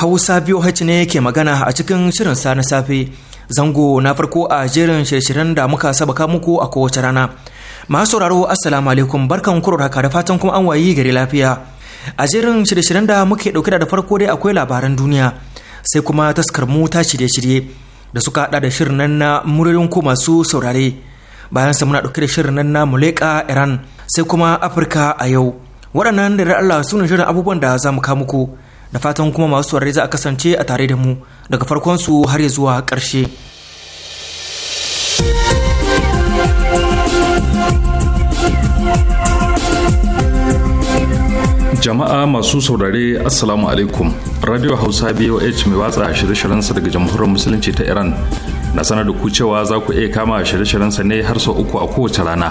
Hausa biyu BOH ne ke magana a cikin shirin sa na safe. Zango na farko a jerin shirye-shiryen da muka sabaka muku a kowace rana. Masu sauraro Assalamu alaikum barkan kurar haka da fatan kuma an wayi gari lafiya. A jerin shirye-shiryen da muke dauke da farko dai akwai labaran duniya sai kuma taskar mu ta shirye-shirye da suka hada da shirin nan na muryoyin ku masu saurare. Bayan sa muna dauke da shirin nan na Muleka Iran sai kuma Afirka a yau. Waɗannan da Allah su ne shirin abubuwan da za mu kawo muku. da fatan kuma masu tsorai za a kasance a tare da mu daga farkon su har ya zuwa karshe. jama'a masu saurare assalamu alaikum radio hausa boh mai watsa a shirye sa daga jamhuriyar musulunci ta iran na sanar da ku cewa za ku iya kama a shirye sa ne har sau uku a kowace rana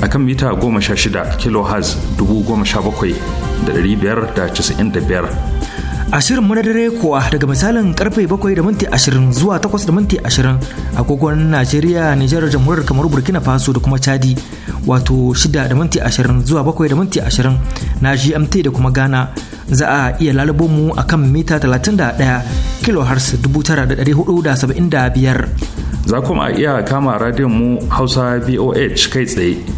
a kan mita 16 kHz 17,595. a shirin madadare kuwa daga misalin karfe 7 da minti 20 zuwa 8 da minti 20 kogon Najeriya, Nijar, Jamhuriyar kamar Burkina Faso da kuma Chadi wato 6 da minti 20 zuwa 7 da minti 20 na GMT da kuma Ghana za a iya lalubo mu a kan mita 31 kHz 9475. Za kuma a iya kama radiyon mu Hausa boh kai tsaye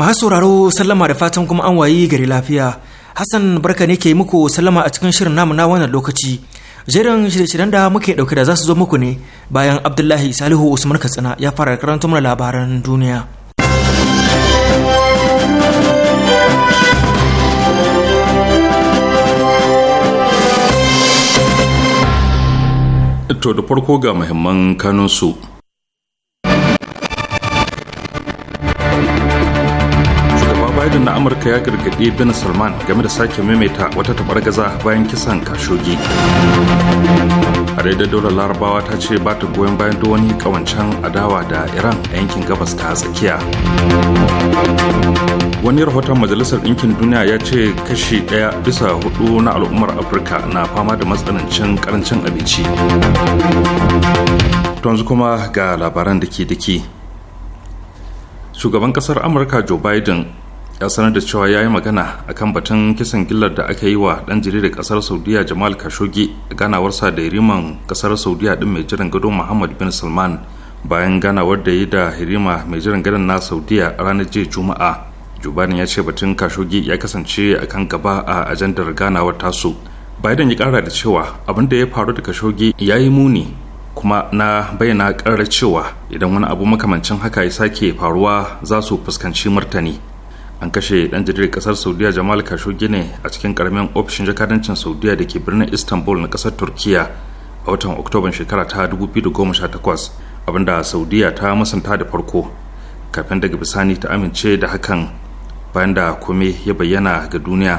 masu sauraro sallama da fatan kuma an wayi gari lafiya hassan barka ne ke muku sallama a cikin shirin namu na wannan lokaci jerin shirye-shiryen da muke dauke da za zo muku ne bayan abdullahi salihu usman katsina ya fara karanta mana labaran duniya to da farko ga muhimman kanunsu amurka ya gargaɗi bin salman game da sake maimaita wata tabar gaza bayan kisan kashogi a daidai daular larabawa ta ce ba ta goyon bayan wani kawancen adawa da iran a yankin gabas ta tsakiya wani rahoton majalisar ɗinkin duniya ya ce kashi ɗaya bisa hudu na al'ummar afirka na fama da matsanancin karancin abinci yanzu kuma ga labaran da ke shugaban ƙasar amurka joe biden ya sanar da cewa ya yi magana a kan batun kisan gillar da aka yi wa dan jaridar kasar saudiya jamal kashoge a ganawarsa da hiriman kasar saudiya din mai jiran gado muhammad bin salman bayan ganawar da yi da hirima mai jiran gadon na saudiya a ranar jiya juma'a jubanin ya ce batun kashoge ya kasance a kan gaba a ajandar ganawar tasu biden ya kara da cewa abin da ya faru da kashoge ya yi muni kuma na bayyana karar cewa idan wani abu makamancin haka ya sake faruwa za su fuskanci martani an kashe dan jaridar kasar saudiya jamal khashoggi ne a cikin karamin ofishin jakadancin saudiya da ke birnin istanbul na kasar turkiya a watan oktoban shekara ta 2018 abinda saudiya ta musanta da farko kafin daga bisani ta amince da hakan bayan da kome ya bayyana ga duniya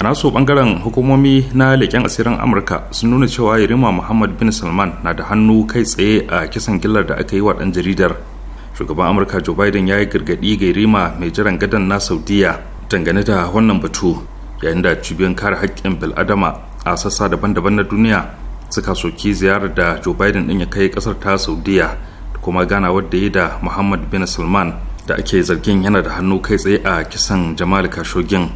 a naso bangaren hukumomi na leƙen asirin amurka sun nuna cewa yarima muhammad bin salman na da hannu kai tsaye a kisan gillar da aka yi wa ɗan jaridar shugaban amurka joe biden ya yi gargaɗi ga rima mai jiran gadon na saudiya dangane da wannan batu yayin da cibiyar kare haƙƙin bil'adama a sassa daban-daban na duniya suka soki ziyarar da joe biden ɗin ya kai ƙasar ta saudiya da kuma gana wadda yi da muhammad bin salman da ake zargin yana da hannu kai tsaye a kisan jamal kashogin.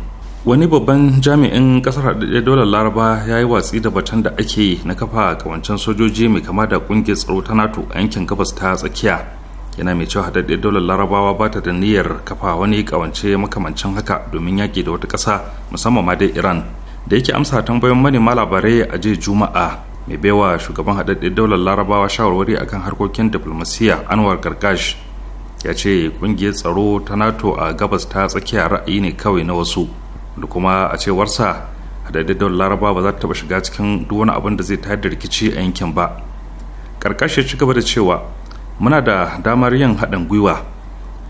wani babban jami'in kasar haɗaɗɗiyar dolar laraba ya yi watsi da batun da ake yi na kafa kawancen sojoji mai kama da ƙungiyar tsaro ta nato a yankin gabas ta tsakiya yana mai cewa haɗaɗɗe daular larabawa ba ta da niyyar kafa wani kawance makamancin haka domin yaƙi da wata ƙasa musamman ma dai iran da yake amsa tambayoyin manema labarai a jiya juma'a mai baiwa shugaban haɗaɗɗe daular larabawa shawarwari akan harkokin diflomasiyya anwar gargash ya ce ƙungiyar tsaro ta nato a gabas ta tsakiya ra'ayi ne kawai na wasu da kuma a cewarsa haɗaɗɗe daular larabawa ba za ta taɓa shiga cikin duk wani abin da zai tayar da rikici a yankin ba ya ci gaba da cewa muna da damar yin haɗin gwiwa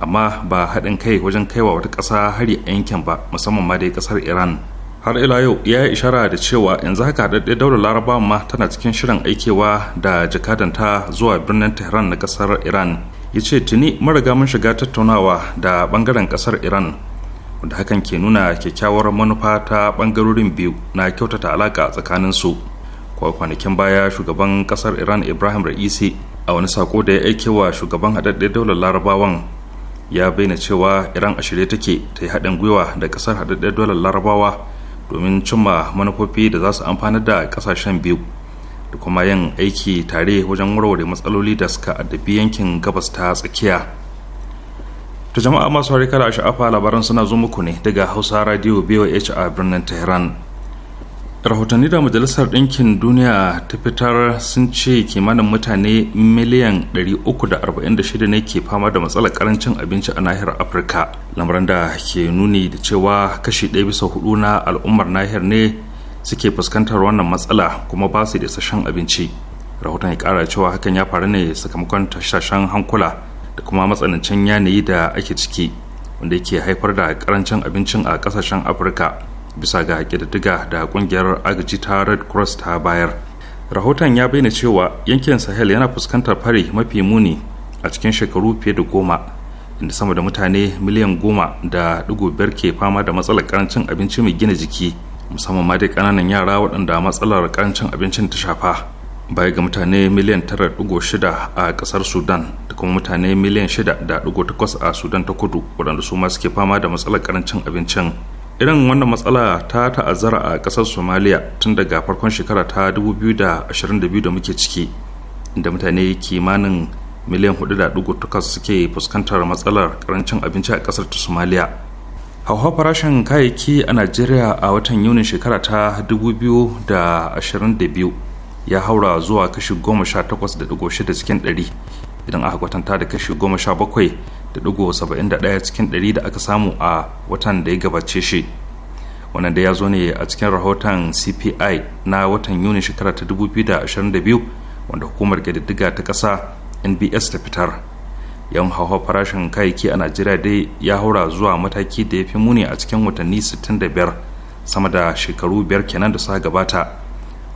amma ba haɗin kai wajen kaiwa wata ƙasa hari a yankin ba musamman ma dai ƙasar iran har ila yau ya yi ishara da cewa yanzu haka haɗaɗɗe daular Laraba ma tana cikin shirin aikewa da jakadanta zuwa birnin tehran na ƙasar iran ya ce tuni mara mun shiga tattaunawa da ɓangaren ƙasar iran wanda hakan ke nuna kyakkyawar manufa ta ɓangarorin biyu na kyautata alaƙa tsakaninsu kwa kwanakin baya shugaban ƙasar iran ibrahim ra'isi a wani sako da ya aike wa shugaban haɗaɗɗen daular larabawan ya bayyana cewa iran a shirye take ta yi haɗin gwiwa da ƙasar haɗaɗɗen daular larabawa domin cimma manufofi da za su amfanar da ƙasashen biyu da kuma yin aiki tare wajen warware matsaloli da suka addabi yankin gabas ta tsakiya to jama'a masu harika da sha'afa labaran suna zo muku ne daga hausa radio boh a birnin tehran rahotanni da majalisar ɗinkin duniya ta fitar sun ce kimanin mutane miliyan 346 ne ke fama da matsalar karancin abinci a nahiyar afirka lamarin da ke nuni da cewa kashi ɗaya bisa hudu na al'ummar nahiyar ne suke fuskantar wannan matsala kuma ba su da sashen abinci rahoton ya kara cewa hakan ya faru ne sakamakon tashashen hankula da kuma matsanancin yanayi da ake ciki wanda ke haifar da karancin abincin a kasashen afirka bisa ga kididdiga da kungiyar agaji ta red cross ta bayar rahoton ya bayyana cewa yankin sahel yana fuskantar fari mafi muni a cikin shekaru fiye da goma inda sama da mutane miliyan goma da dugu biyar ke fama da matsalar karancin abinci mai gina jiki musamman ma dai kananan yara waɗanda matsalar karancin abincin ta shafa baya ga mutane miliyan tara shida a ƙasar sudan da kuma mutane miliyan shida da takwas a sudan ta kudu waɗanda su ma suke fama da matsalar karancin abincin irin wannan matsala ta ta'azzara a ƙasar somaliya tun daga farkon shekara ta 2022 da muke ciki inda mutane kimanin miliyan 4.8 suke fuskantar matsalar karancin abinci a ƙasar ta somaliya hauhawar farashin kayayyaki a najeriya a watan yunin shekara ta 2022 ya haura zuwa kashi 18.6 cikin 100 idan aka kwatanta da kashi 17 da cikin ɗari da aka samu a watan da ya gabace shi wannan da ya zo ne a cikin rahoton cpi na watan yuni shekara ta 2022 wanda hukumar ƙididdiga ta ƙasa nbs ta fitar yan hawa farashin kayayyaki a najeriya dai ya haura zuwa mataki da ya fi muni a cikin watanni 65 sama da shekaru biyar kenan da suka gabata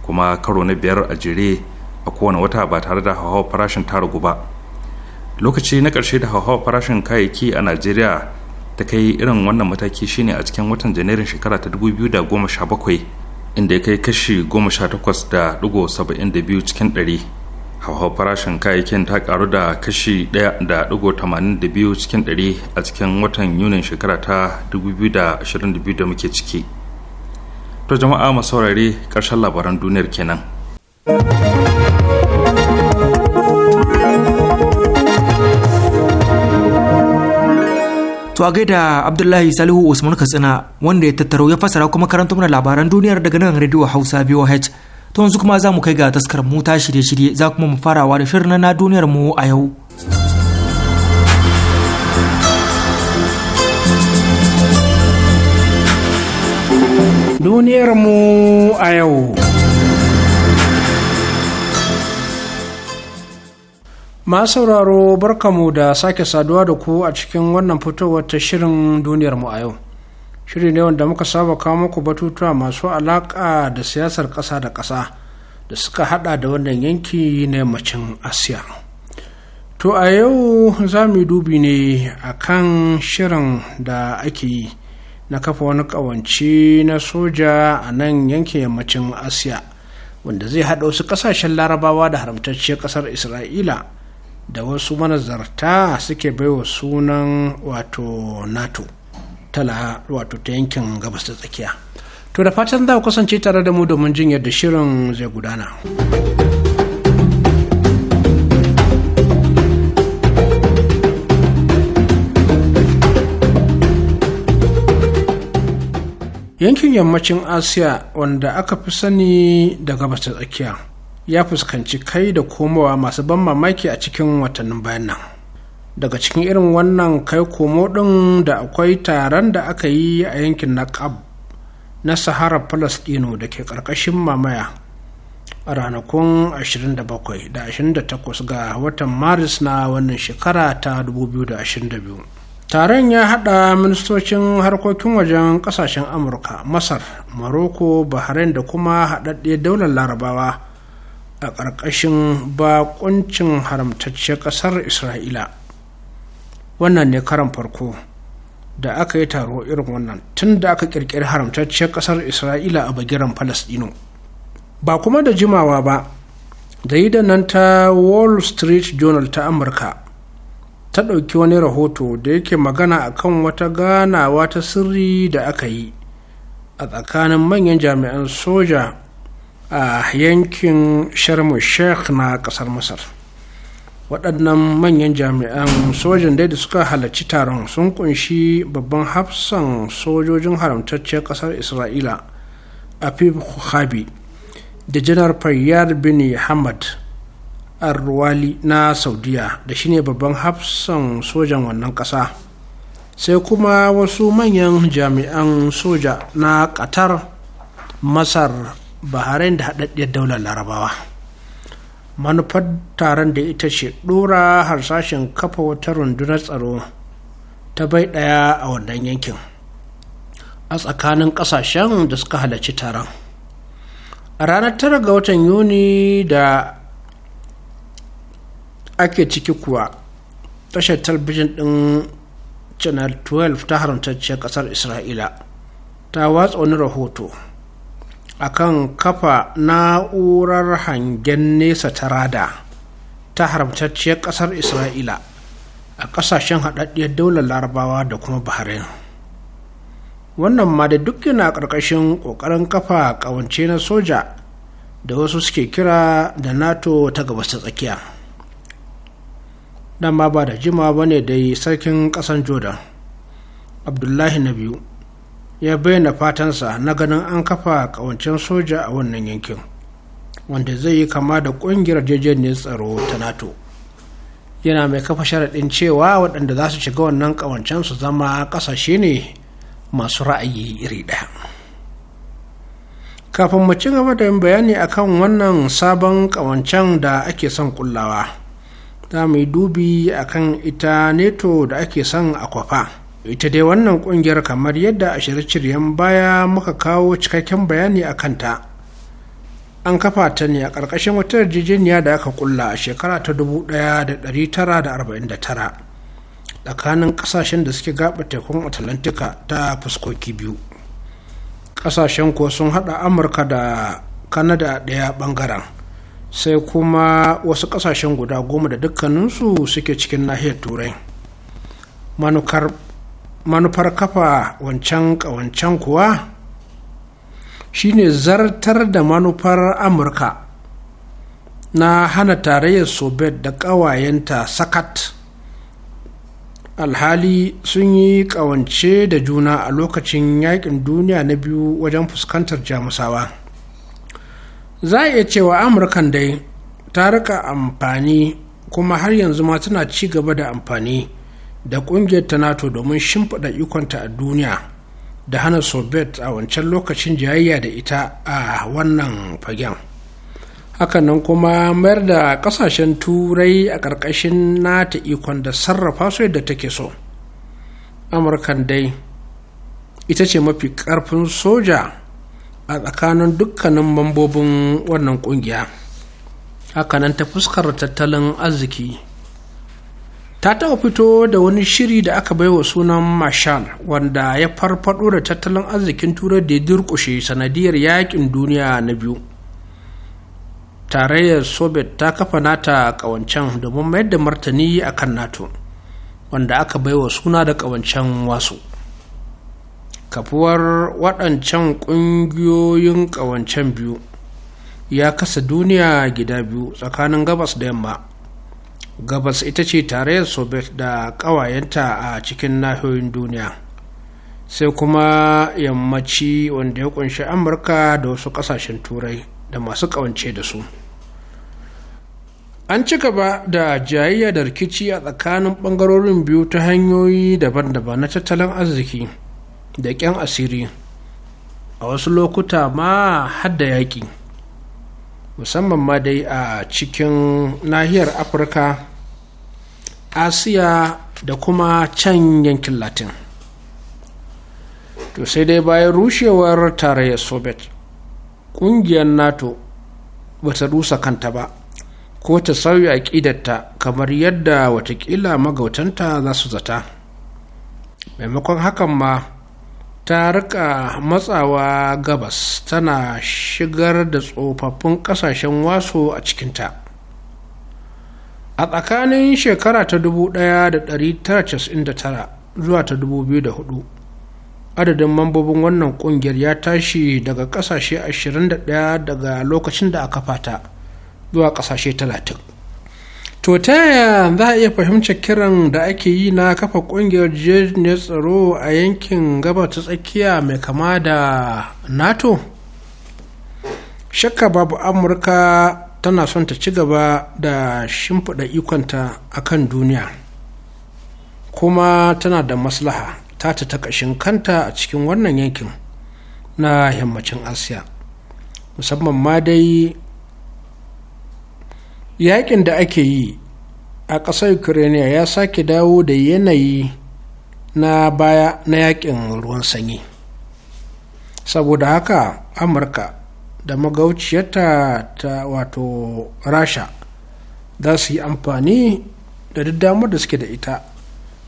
kuma karo na biyar a jere a kowane wata ba tare da hawa farashin ta ragu ba lokaci na ƙarshe da hauhawar farashin kayayyaki a najeriya ta kai irin wannan mataki shine a cikin watan janairun shekara ta 2017 inda ya kai kashi 18.72 cikin 100 hauhawar farashin kayayyakin ta karu da kashi 1.82 cikin 100 a cikin watan yunin shekara ta 2022 da muke ciki to jama'a masaurare ƙarshen labaran duniyar kenan. a gaida Abdullahi Salihu Usman Katsina wanda ya tattaro ya fasara kuma karanta mana labaran duniyar daga nan rediyo Hausa VOH. To yanzu kuma za mu kai ga taskar mu ta shirye-shirye za kuma mu farawa da shirin na duniyar mu a yau. Duniyar mu a yau. ma sauraro barkamu da sake saduwa da ku a cikin wannan fitowar ta shirin duniyar mu a yau shiri ne wanda muka saba kawo muku batutuwa masu alaƙa da siyasar ƙasa da ƙasa da suka hada da wannan yanki na yammacin asiya to a yau za mu dubi ne a kan shirin da ake yi na kafa wani ƙawance na soja a nan yankin yammacin asiya wanda zai haɗa wasu ƙasashen larabawa da haramtacciyar ƙasar isra'ila da wasu manazarta suke baiwa sunan wato nato tala wato ta yankin gabas ta tsakiya to da fatan za ku kasance tare da mu domin jin yadda shirin zai gudana yankin yammacin asiya wanda aka fi sani da gabas ta tsakiya ya fuskanci kai da komowa masu ban mamaki a cikin watannin bayan nan daga cikin irin wannan kai komo ɗin da akwai taron da aka yi a yankin na naqab na sahara palestino da ke ƙarƙashin mamaya a ranakun 27 da 28 ga watan maris na wannan shekara ta 2022 taron ya hada ministocin harkokin wajen kasashen amurka masar maroko bahrain da kuma haɗaɗɗiyar daular larabawa a ƙarƙashin bakuncin haramtacciyar ƙasar isra'ila wannan ne karan farko da aka yi taro irin wannan tun da aka ƙirƙiri haramtacciyar ƙasar isra'ila a bagiran palestino ba kuma da jimawa ba da yi nan ta wall street journal ta amurka ta ɗauki wani rahoto da yake magana a kan wata ganawa ta sirri da aka yi a tsakanin manyan jami'an soja a yankin sharmu sheikh na kasar masar waɗannan manyan jami'an sojan dai da suka halarci taron sun kunshi babban hafsan sojojin haramtacciyar kasar isra'ila afif khabi da janar fayyar bin hamad arwali na saudiya da shine babban hafsan sojan wannan ƙasa sai kuma wasu manyan jami'an soja na qatar masar bahrain da haɗaɗɗiyar daular larabawa manufar taron da ita ce ɗora harsashin kafa wata rundunar tsaro ta bai ɗaya a wannan yankin a tsakanin ƙasashen da suka halarci taron a ranar tara ga watan yuni da ake ciki kuwa tashar talbijin ɗin channel 12 ta haramtacciyar ƙasar isra'ila ta watsa wani rahoto akan kafa na'urar hangen nesa ta rada ta haramtacciyar ƙasar isra'ila a ƙasashen haɗaɗɗiyar daular larabawa da kuma bahrain wannan ma da duk yana ƙarƙashin ƙoƙarin kafa ƙawance na soja da wasu suke kira da nato ta gabas ta tsakiya dama ba da jima bane dai sarkin ƙasan jordan abdullahi na biyu ya bayyana fatansa na ganin an kafa kawancin soja a wannan yankin wanda zai yi kama da kungiyar jejeniyar tsaro ta nato yana mai kafa sharaɗin cewa waɗanda za su shiga wannan kawancen su zama ƙasashe ne masu ra'ayi iri ɗaya kafin mu ci gaba da yin bayani akan wannan sabon kawancen da ake son kullawa za mu yi dubi akan ita neto da ake son akwafa. kwafa ita dai wannan kungiyar kamar yadda a shirye-shiryen baya muka kawo cikakken bayani a kanta an kafa ta ne a ƙarƙashin wata yarjejeniya da aka kulla a shekara ta 1949 tsakanin ƙasashen da suke gaba tekun atlantika ta fuskoki biyu ƙasashen ko sun haɗa amurka da kanada ɗaya bangaren sai kuma wasu ƙasashen guda goma da dukkaninsu suke cikin nahiyar turai manukar manufar kafa wancan ƙawancen kuwa shine zartar da manufar amurka na hana tarayyar soviet da ƙawayenta sakat alhali sun yi ƙawance da juna a lokacin yakin duniya na biyu wajen fuskantar jamusawa za a iya cewa amurkan dai ta rika amfani kuma har yanzu ma tana ci gaba da amfani da ƙungiyar ta nato domin shimfiɗa ikonta a duniya da hana soviet a wancan lokacin jayayya da ita a wannan fagen hakanan kuma mayar da ƙasashen turai a ƙarƙashin nata ikon da sarrafa su yadda take so amurkan dai ita ce mafi ƙarfin soja a tsakanin dukkanin mambobin wannan ƙungiya hakanan ta fuskar tattalin arziki ta taɓa fito da wani shiri da aka baiwa sunan marshal wanda ya farfaɗo da tattalin arzikin turai da ya durƙushe sanadiyar yaƙin duniya na biyu tarayyar soviet ta kafa nata ƙawancen domin mayar da martani a kan nato wanda aka baiwa suna da ƙawancen wasu kafuwar waɗancan ƙungiyoyin ƙawancen biyu ya kasa duniya gida biyu tsakanin gabas da yamma gabas ita ce tarayyar soviet da kawayenta a cikin nahiyoyin duniya sai kuma yammaci wanda ya kunshi amurka da wasu ƙasashen turai da masu ƙawance da su an ci gaba da jayayya da rikici a tsakanin ɓangarorin biyu ta hanyoyi daban-daban na tattalin arziki da ƙyan asiri a wasu lokuta ma hadda yaƙi musamman ma dai a cikin nahiyar afirka asiya da kuma can yankin latin to sai dai bayan rushewar tarayyar soviet ƙungiyar nato ba ta rusa kanta ba ko ta sauya aƙidarta kamar yadda watakila magautanta za su zata maimakon hakan ma ta rika matsawa gabas tana shigar da tsofaffin kasashen wasu a cikinta a tsakanin shekara ta 1999 zuwa ta 2004 adadin mambobin wannan kungiyar ya tashi daga kasashe 21 daga lokacin da aka fata zuwa kasashe 30 to ta yaya za a iya fahimtar kiran da ake yi na kafa kungiyar jirgin tsaro a yankin gabar ta tsakiya mai kama da nato shakka babu amurka tana son ta ci gaba da shimfiɗa ikonta a kan duniya kuma tana da maslaha ta ta ƙashin kanta a cikin wannan yankin na yammacin asiya musamman ma dai yakin da ake yi a ƙasar ukraine ya sake dawo da yanayi na baya na yakin ruwan sanyi saboda haka amurka da magauciyarta ta wato rasha za su yi amfani da duk damar da suke da ita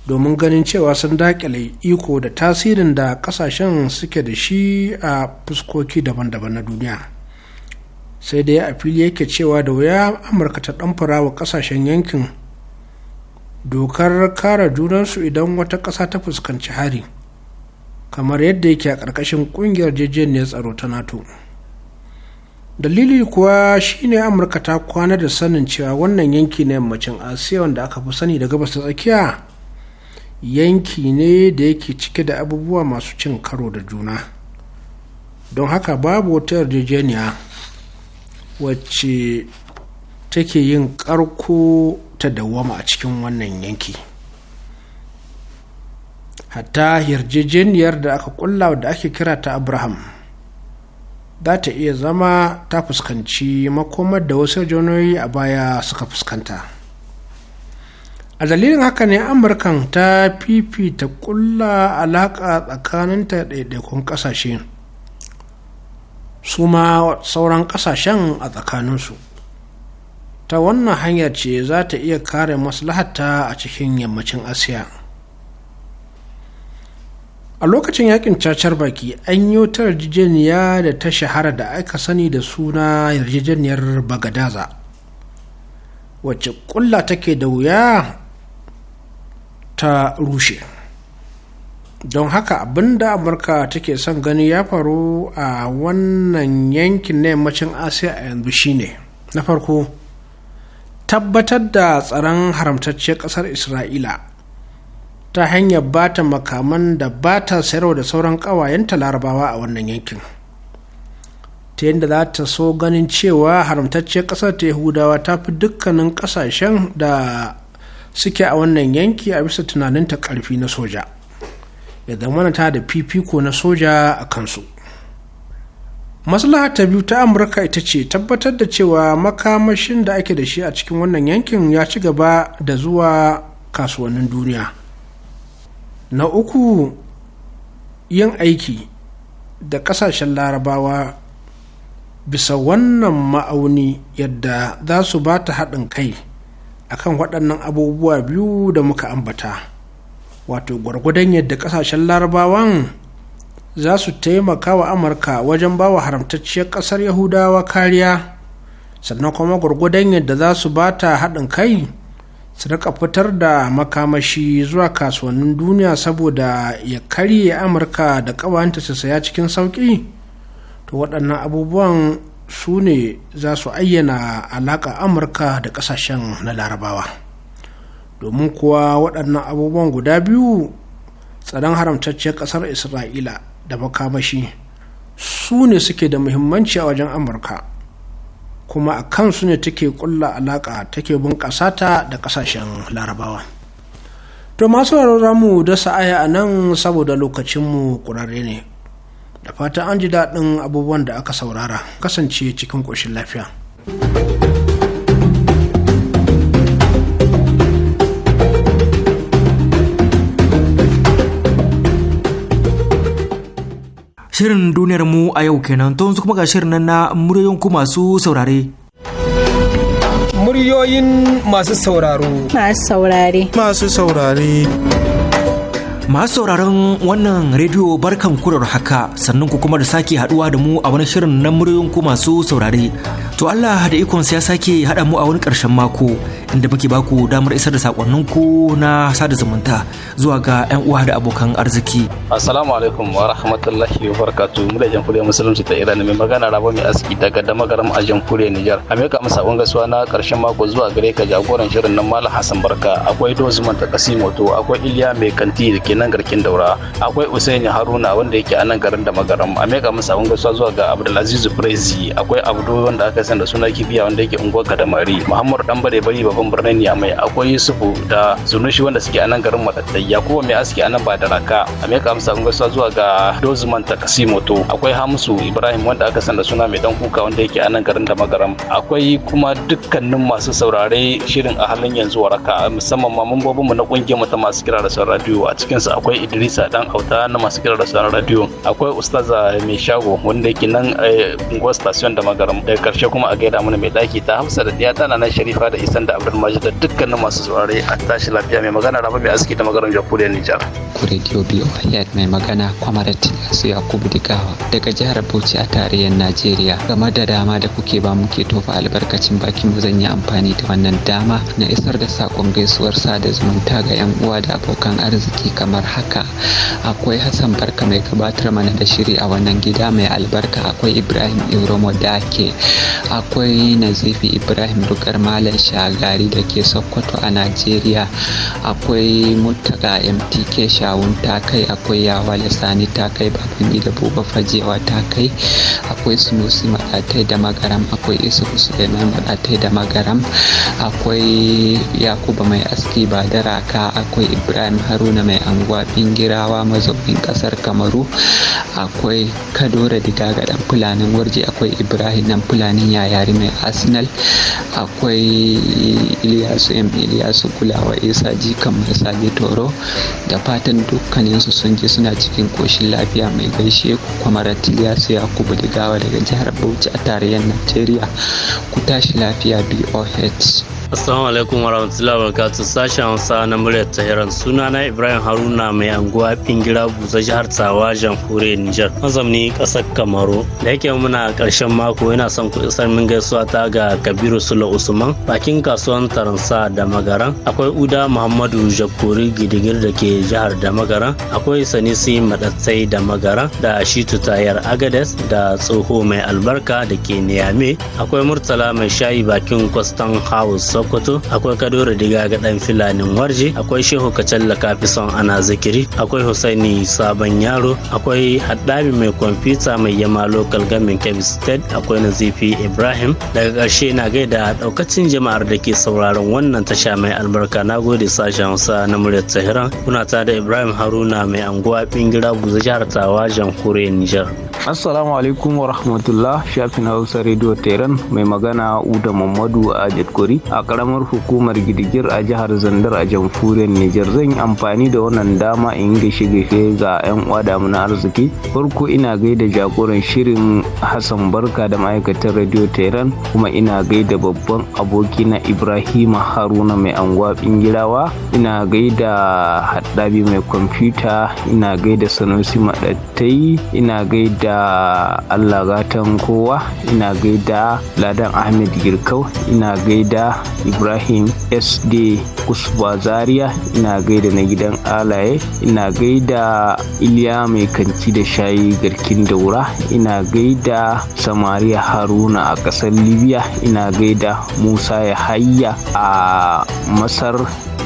domin ganin cewa sun dakile iko da tasirin da kasashen suke da shi a fuskoki daban-daban na duniya. sai dai a fili yake cewa da wuya amurka ta ɗamfara wa ƙasashen yankin dokar kare junansu idan wata ƙasa ta fuskanci hari kamar yadda yake a ƙarƙashin ƙungiyar jejeniyar tsaro ta nato dalili kuwa shine amurka ta kwana da sanin cewa wannan yanki na yammacin asiya wanda aka fi sani da gabas ta tsakiya yanki ne da yake cike da abubuwa masu cin karo da juna don haka babu wata yarjejeniya wacce take yin karko ta dawama a cikin wannan yanki hatta yarjejeniyar da aka kulla da ake kira ta abraham za ta iya zama ta fuskanci makomar da wasu jonoyi a baya suka fuskanta a dalilin haka ne amurkan ta fifita kulla alaƙa tsakaninta ɗaiɗaikun ƙasashe su ma sauran ƙasashen a tsakaninsu ta wannan hanyar ce za ta iya kare maslahata a cikin yammacin asiya a lokacin yakin cacar baki an yi wata yarjejeniya da ta shahara da aka sani da suna yarjejeniyar bagadaza wacce kulla take da wuya ta rushe don haka abinda da amurka take son gani ya faru a wannan yankin na yammacin asiya a yanzu shine na farko tabbatar da tsaron haramtacciyar ƙasar isra'ila ta hanyar bata makaman da bata ta sayarwa da sauran ƙawayenta larabawa a wannan yankin ta yadda za ta so ganin cewa haramtacciyar ƙasar ta yahudawa ta fi dukkanin ƙasashen da suke a wannan yanki a bisa tunaninta karfi na soja ya zamana ta da fifiko na soja a kansu maslaha ta biyu ta amurka ita ce tabbatar da cewa makamashin da ake da shi a cikin wannan yankin ya ci gaba da zuwa kasuwannin duniya na uku yin aiki da kasashen larabawa bisa wannan ma'auni yadda za su ba ta haɗin kai akan waɗannan abubuwa biyu da muka ambata. wato gwargwadon yadda kasashen larabawan za su taimaka wa amurka wajen ba wa haramtacciyar kasar yahudawa kariya sannan kuma gwargwadon yadda za su ba ta haɗin kai su rika fitar da makamashi zuwa kasuwannin duniya saboda ya karye amurka da kawanta su saya cikin sauƙi to waɗannan abubuwan su ne za su ayyana alaƙa amurka da ƙasashen na larabawa. domin kuwa waɗannan abubuwan guda biyu tsaron haramtacciyar ƙasar isra'ila da makamashi su ne suke da muhimmanci a wajen amurka kuma a kansu ne take ƙulla alaƙa take bunƙasa ta da ƙasashen larabawa to masu mu da sa'aya a nan saboda lokacinmu ƙurare ne da fata an ji daɗin abubuwan da aka saurara kasance cikin ƙoshin lafiya. Shirin duniyar mu a yau kenan to yanzu kuma ga shirin nan na muryoyin ku masu saurare. Muryoyin masu sauraro. Masu saurare. Masu saurare. Masu sauraron wannan rediyo barkan kurar haka sannan ku kuma da sake haduwa da mu a wani shirin na muryoyin ku masu saurare. To Allah da ikon ya sake hada mu a wani ƙarshen mako inda muke baku damar isar da sakonnin ku na sada zumunta zuwa ga 'yan uwa da abokan arziki. Assalamu alaikum wa rahmatullahi wa barakatuh. Mu da jamhuriyar musulunci ta Iran mai magana rabo mai aski daga damagaram a jamhuriyar Nijar. A mika masa gaisuwa na ƙarshen mako zuwa gare ka jagoran shirin nan Malam Hassan Barka akwai Dozman ta Kasimoto akwai Iliya mai kanti da nan garkin daura akwai usaini haruna wanda yake a nan garin da magaram a meka masa an gaisuwa zuwa ga abdulaziz brezi akwai abdu wanda aka san da suna kibiya wanda yake unguwar kadamari muhammadu dan bare bari babban birnin mai. akwai yusufu da zunushi wanda suke a nan garin matattai yakubu mai aski a nan ba da raka a meka masa an gaisuwa zuwa ga dozuman takasimoto akwai hamsu ibrahim wanda aka san da suna mai dan kuka wanda yake a nan garin da magaram akwai kuma dukkanin masu saurare shirin a halin yanzu waraka musamman ma mambobinmu na kungiyar mu ta masu kira da son radio a cikin cikinsu akwai idrisa dan auta na masu kiran da sauran radio akwai ustaza eh, mai shago wanda yake nan a eh, unguwar station da magaram daga karshe kuma a gaida mana mai daki ta hafsa da diya tana nan sharifa da isan da abdulmajid da dukkanin masu saurare a tashi lafiya mai magana rabu mai aski da magaram jamhuriyar nijar ku radio boh mai magana kwamarat su yakubu digawa daga jihar bauchi a tarayyar najeriya game da dama da kuke ba muke tofa albarkacin bakin mu zan yi amfani da wannan dama na isar da sakon gaisuwar sa da zumunta ga yan uwa da abokan arziki kamar kamar haka akwai hassan barka mai gabatar mana da shiri a wannan gida mai albarka akwai ibrahim iromo dake akwai nazifi ibrahim dukar malam shagari da ke sokoto a najeriya akwai mutaka mtk shawun takai akwai yawa sani takai babangi da buba fajewa takai akwai sunusi matatai da magaram akwai isu suleiman matatai da magaram akwai yakuba mai aski ba da raka akwai ibrahim haruna mai an Wafin girawa mazaunin kasar kamaru akwai kadora diga ga dan fulanin warje akwai ibrahim dan fulanin yayari mai arsenal akwai iliyasu m iliyasu kulawa isa jikan mai sage toro da fatan dukkaninsu sun je suna cikin koshin lafiya mai gaishe kwamar tiliyasu yakubu gawa daga jihar bauchi a tarayyar najeriya ku tashi lafiya boh Assalamu alaikum wa barakatu sashen Hausa na muryar Tahiran sunana Ibrahim Haruna mai anguwa Ingila Buza jihar Tsawa jamhuriyar Nijar mazamni kasar Kamaru da yake muna karshen mako yana son ku isar min gaisuwa ta ga Kabiru Sula Usman bakin kasuwan Taransa da Magaran akwai Uda Muhammadu Jakuri Gidigir da ke jihar da Magaran akwai Sanisi Madatsai da Magaran da Ashitu Tayar Agades da Tsoho mai albarka da ke Niyame akwai Murtala mai shayi bakin Kwastan House sokoto akwai kadoro diga ga dan filanin warje akwai shehu kacalla kafi son ana zikiri akwai husaini sabon yaro akwai haddami mai kwamfuta mai yama local gamin kebis state akwai nazifi ibrahim daga karshe na gaida daukacin jama'ar da ke sauraron wannan tasha mai albarka na gode sashen hausa na muryar tahiran kuna ta da ibrahim haruna mai anguwa bingira buza jihar tawa kure nijar assalamu alaikum wa rahmatullah shafin hausa radio tehran mai magana uda mamadu a jadkori a karamar hukumar gidigir a jihar Zandar a jamhuriyar Nijar zan yi amfani da wannan dama in yi gaishe gaishe ga 'yan uwa na arziki. Farko ina gaida jagoran shirin Hassan Barka da ma'aikatan Radio Tehran kuma ina gaida babban abokina Ibrahima Haruna mai anguwa Bingirawa ina gaida Haddabi mai kwamfuta ina gaida Sanusi Madattai ina gaida Allah gatan kowa ina gaida Ladan Ahmed Girkau ina gaida ibrahim sd kusba zaria ina gaida na gidan alaye ina gaida iliya mai kanti da shayi garkin daura ina gaida samariya haruna a ƙasar libya ina gaida musa ya hayya a masar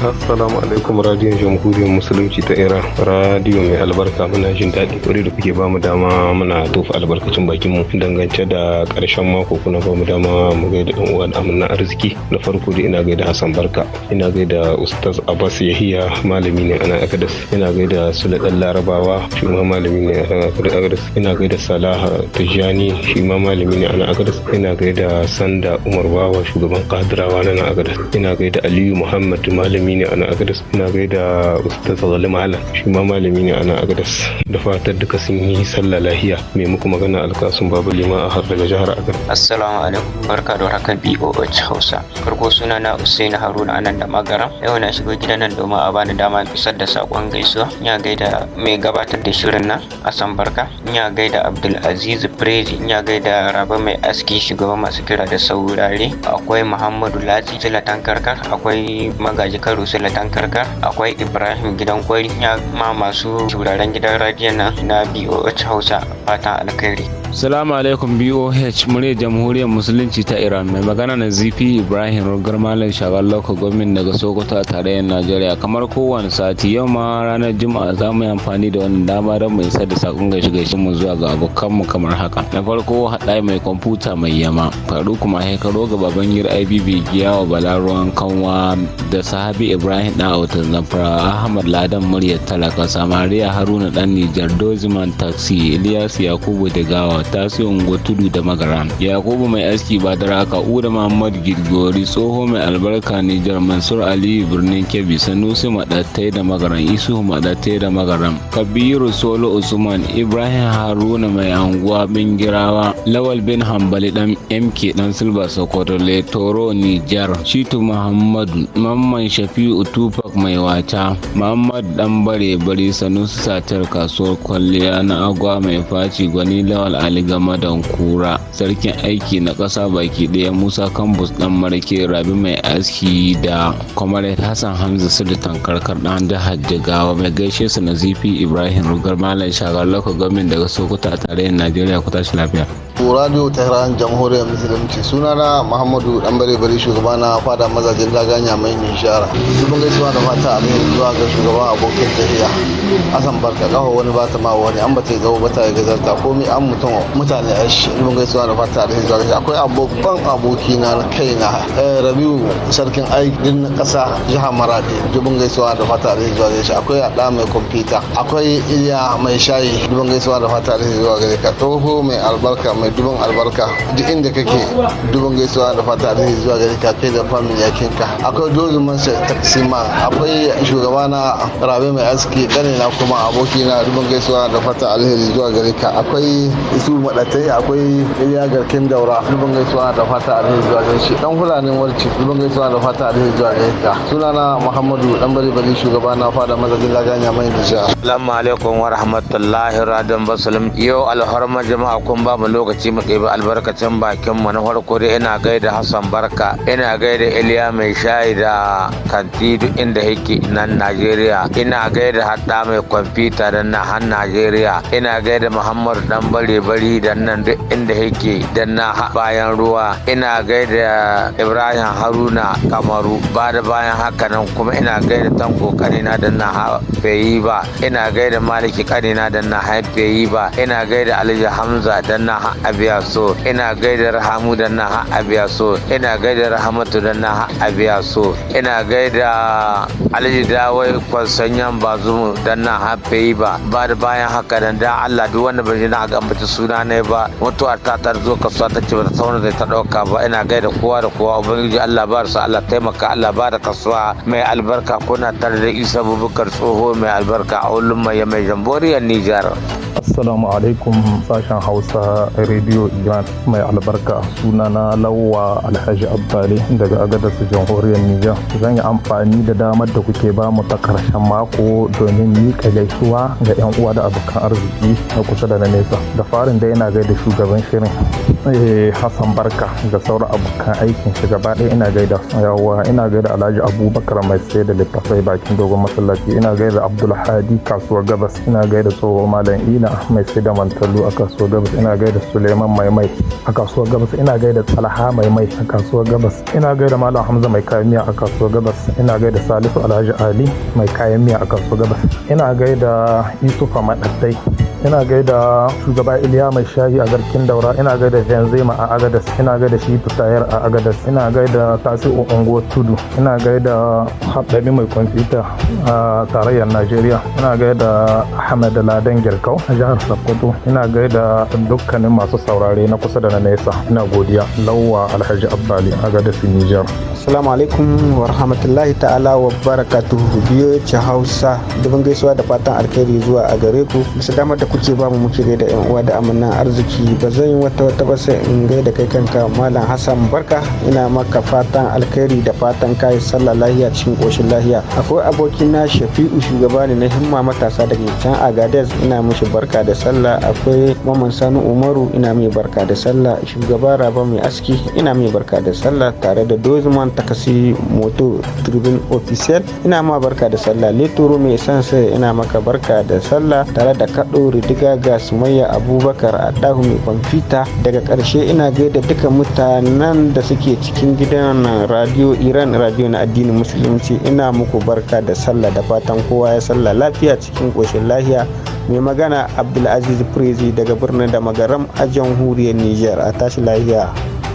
assalamu alaikum radiyon jamhuriyar musulunci ta iran radiyo mai albarka muna jin daɗi kwarai da kuke bamu dama muna tofa albarkacin bakinmu dangance da ƙarshen mako kuna bamu dama mu gaida ɗan uwa da amina arziki na farko kudu ina gaida hassan barka ina gaida ustaz abbas yahiya malami ne a ana akadas ina gaida sule dan larabawa shi ma malami ne a ana akadas ina gaida salaha tijjani shi ma malami ne a ana akadas ina gaida sanda umar bawa shugaban kadirawa na agadas ina gaida aliyu muhammad malami ne a ana agadas ina gaida ustaz gali malam shi ma malami ne ana agadas da fatar duka sun yi sallah lahiya mai muku magana alkasun babu lima a har da jihar agadas assalamu alaikum barka da warhaka boh hausa farko suna na Usaini Haruna anan da magaram. Yau na shigo gidan nan domin a bani dama isar da sakon gaisuwa. Ina gaida mai gabatar da shirin nan Hassan Barka. Ina gaida Abdul Aziz Prezi. Ina gaida Raba mai aski shugaban masu kira da saurare. Akwai Muhammadu Lati Silatan Karkar. Akwai Magaji Karo Silatan Karkar. Akwai Ibrahim Gidan Kwari. Ina ma masu shuraren gidan radiyon nan na BOH Hausa fatan alkhairi. Salamu alaikum BOH muryar jamhuriyar musulunci ta Iran mai magana na Zifi Ibrahim babbar malam shagar lokacin daga sokoto a tarayyar najeriya kamar kowane sati yau ma ranar juma'a za mu yi amfani da wannan dama don mu isar da sakon gaishe gaishe mu zuwa ga abokanmu kamar haka na farko haɗa mai kwamfuta mai yama faru kuma haikaro ga baban gir ibb giyawa balaruwan kanwa da sahabi ibrahim dan autan zamfara ahmad ladan murya talaka samariya haruna dan nijar doziman taxi ilyas yakubu da gawa tasiri ungo tudu da magaran yakubu mai aski ba da raka uda muhammad gilgori so tsoho mai albarka Nijar Mansur Aliyu birnin Kebbi Sanusi Maɗatai da Magaran Isu Maɗatai da Magaran Kabiru Solo Usman Ibrahim Haruna mai anguwa Bingirawa Lawal bin Hambali dan MK dan silver Sokoto toro Nijar Shitu Muhammadu Mamman Shafi'u Tupac mai wata Muhammad dan bare bari Sanusi satar kasuwar kwalliya na agwa mai faci gwani Lawal Ali Gamadan Kura Sarkin aiki na ƙasa baki ɗaya Musa Kambus dan Marke rabi mai aski da comrade hassan hamza sultan karkar dan jihar jigawa mai gaishe su na zifi ibrahim rugar malam shagar lokacin gwamnati daga sokoto a tarayyar najeriya ku tashi lafiya radio tehran jamhuriyar musulunci sunana muhammadu dambare bari shugaba na fada mazajin gaganya mai shara dubin gaisuwa da mata mai zuwa ga shugaban abokin tafiya asan barka kafa wani ba ta ma wani an ba ta bata ba ta ga zarta mi an mutum mutane shi dubin gaisuwa da fata mai zuwa ga akwai abokan aboki na kaina eh rabiu sarkin aikin kasa jihar maradi dubin gaisuwa da fata da zuwa gare shi akwai ada mai kwamfuta akwai iya mai shayi dubin gaisuwa da fata da zuwa gare ka toho mai albarka mai dubin albarka duk inda kake dubin gaisuwa da fata da zuwa gare ka kai da famin yakin ka akwai dozu mansa taksima akwai shugaba na rabe mai aski kane na kuma aboki na dubin gaisuwa da fata alheri zuwa gare ka akwai isu madatai akwai iya garkin daura dubin gaisuwa da fata alheri zuwa gare shi dan fulanin bauchi dubban gaisuwa da fata alheri zuwa yanka sunana muhammadu dan bari bari shugaba na fada mazajin laganya mai nisha assalamu alaikum wa rahmatullahi radon basalim yau alhorma jama'a kun ba mu lokaci mu ɗebi albarkacin bakin mu na farko dai ina gaida hassan barka ina gaida iliya mai shayi da kanti duk inda yake nan najeriya ina gaida hadda mai kwamfuta da na han najeriya ina gaida muhammadu dan bari bari da nan duk inda yake da na bayan ruwa ina gaida ibrahim bayan haruna kamaru ba da bayan haka nan kuma ina gaida tanko kanina da na haife yi ba ina gaida maliki kanina da na haife yi ba ina gaida alhaji hamza da na abiya so ina gaida rahamu da na abiya so ina gaida rahamatu da na abiya so ina gaida alhaji dawai yan bazu da na haife yi ba ba da bayan haka nan da allah duk wanda bai na ga mutu suna ne ba mutuwa ta tarzo kasuwa ta ce ba ta sauna zai ta dauka ba ina gaida kowa da kowa ubangiji ubangiji Allah ba su Allah taimaka Allah ba da kasuwa mai albarka kuna tare da Isa bubukar tsoho mai albarka a ulun mai mai jamboriyar Nijar. Assalamu alaikum sashen Hausa Radio Iran mai albarka sunana Lawwa Alhaji Abdali daga Agadas jamhuriyar Nijar. Zan yi amfani da damar da kuke ba mu ta karshen mako domin yi gaisuwa ga 'yan uwa da abokan arziki na kusa da na nesa. Da farin da yana gaida shugaban shirin eh, Hassan Barka da sauran abokan aikin shi gaba eh ina gaida yawa ina gaida alhaji abubakar mai sai da littafai bakin dogon masallaci ina gaida hadi kasuwar gabas ina gaida tsohon malam ina mai sai da mantalu a kasuwar gabas ina gaida suleiman mai mai a kasuwar gabas ina gaida talha mai mai a kasuwar gabas ina gaida malam hamza mai kayan miya a kasuwar gabas ina gaida salisu alhaji ali mai kayan miya a kasuwar gabas ina gaida yusufa madaddai ina gaida shugaba iliya mai shayi a garkin daura ina gaida benzema a agadas ina gaida shi tayar a agadas ina gaida da tasiru unguwar tudu ina gaida haɗari mai kwamfuta a tarayyar najeriya ina gaida ahmed ladan girkau a jihar sokoto ina gaida dukkanin masu saurare na kusa da na nesa ina godiya lauwa alhaji abdali a gada nijar assalamu alaikum wa rahmatullahi ta'ala wa barakatu biyo ci hausa dubin gaisuwa da fatan alkhairi zuwa a gare ku bisa damar da kuke bamu muke da yan uwa da amanan arziki ba zan yi wata wata ba sai in gaida kai kanka malam hassan barka ina maka fatan alkhairi da fatan kayi sallah lahiya cikin koshin lahiya akwai abokin na shafi'u shugaba ne na himma matasa daga can agades ina mishi barka da sallah akwai maman sani umaru ina mai barka da sallah shugaba raba mai aski ina mai barka da sallah tare da dozman takasi moto tribune official ina ma barka da sallah leturo mai sai ina maka barka da sallah tare da kaɗo ridiga ga sumayya abubakar a mai kwamfuta daga ƙarshe ina gaida duka mutanen da suke cikin gidan radio iran radio na addinin musulunci ina muku barka da sallah da fatan kowa ya sallah lafiya cikin ƙoshin lahiya mai magana abdulaziz prezi daga birnin da magaram a jamhuriyar niger a tashi lafiya.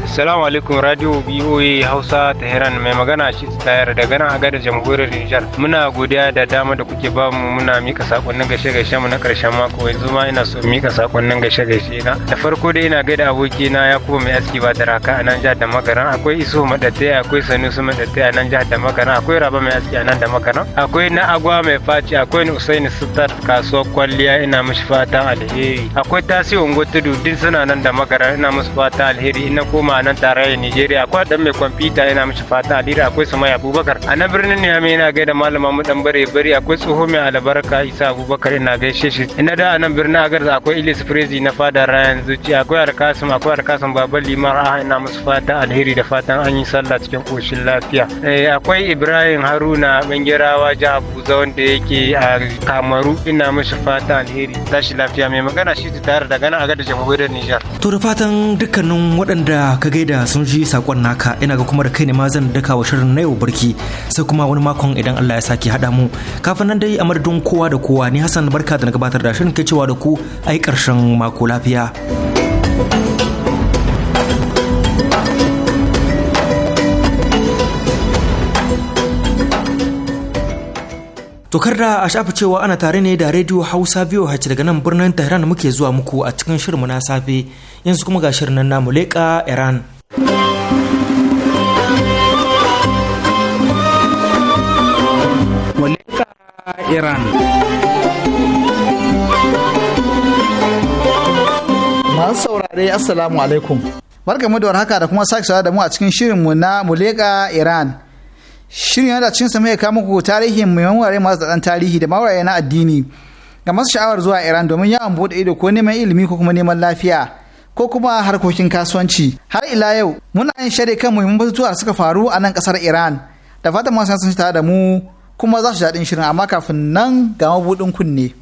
Assalamu alaikum Radio BOA Hausa Tehran mai magana shi tayar daga nan a da jamhuriyar Nijar. Muna godiya da dama da kuke ba mu muna mika sakonnin gashe gashe mu na karshen mako yanzu ma ina so mika sakonnin gashe gashe na. Da farko dai ina gaida aboki na kuma mai aski ba raka a nan jihar da magaran akwai Isu Madatte akwai Sanusi Madatte a nan jihar da magaran akwai Raba mai aski a nan da magaran akwai na Agwa mai faci akwai ni Usaini sutar kasuwa kwalliya ina mishi fatan alheri akwai tasiwon gotudu Tudu duk suna nan da magaran ina musu fatan alheri ina koma a nan tarayyar Nijeriya akwai dan mai kwamfuta yana mishi fata aliri akwai Sumai Abubakar a nan birnin Niamey yana gaida malama mu dan bare bari akwai tsoho mai albarka Isa Abubakar yana gaishe shi ina da a nan birnin Agarza akwai Ilis Prezi na fada Ryan Zuci akwai Alkasim akwai Alkasim Baba Limar a ina musu fata alheri da fatan an yi sallah cikin koshin lafiya eh, akwai Ibrahim Haruna Bangirawa ja Abuja wanda yake a Kamaru ina mishi fata alheri tashi lafiya mai magana shi tare da gana a da jamhuriyar Nijar to da fatan dukkanin waɗanda ka gaida sun ji sakon naka ina ga kuma da kai ne ma zan daka wa shirin na yau barki sai kuma wani makon idan Allah ya sake haɗa mu kafin nan dai a madadin kowa da kowa ni Hassan barka da na gabatar da shirin kai cewa da ku ai karshen mako lafiya. Tokar da a shafa cewa ana tare ne da Radio Hausa hace daga nan birnin Tehran muke zuwa muku a cikin shirinmu na safe yanzu kuma ga shirin nan namu leƙa Iran. Muleka Iran. Masu saurare Assalamu alaikum. Barkamu da warhaka da kuma sake da mu a cikin shirinmu na Muleka Iran. shirin yana cin sa mai kama kuku tarihin mai wurare masu daɗan tarihi da mawaye na addini ga masu sha'awar zuwa Iran domin yawon buɗe ido ko neman ilimi ko kuma neman lafiya ko kuma harkokin kasuwanci har ila yau muna yin shari kan muhimman batutuwa da suka faru a nan kasar Iran da fatan masu shi tare da mu kuma za su daɗin shirin amma kafin nan ga mabuɗin kunne.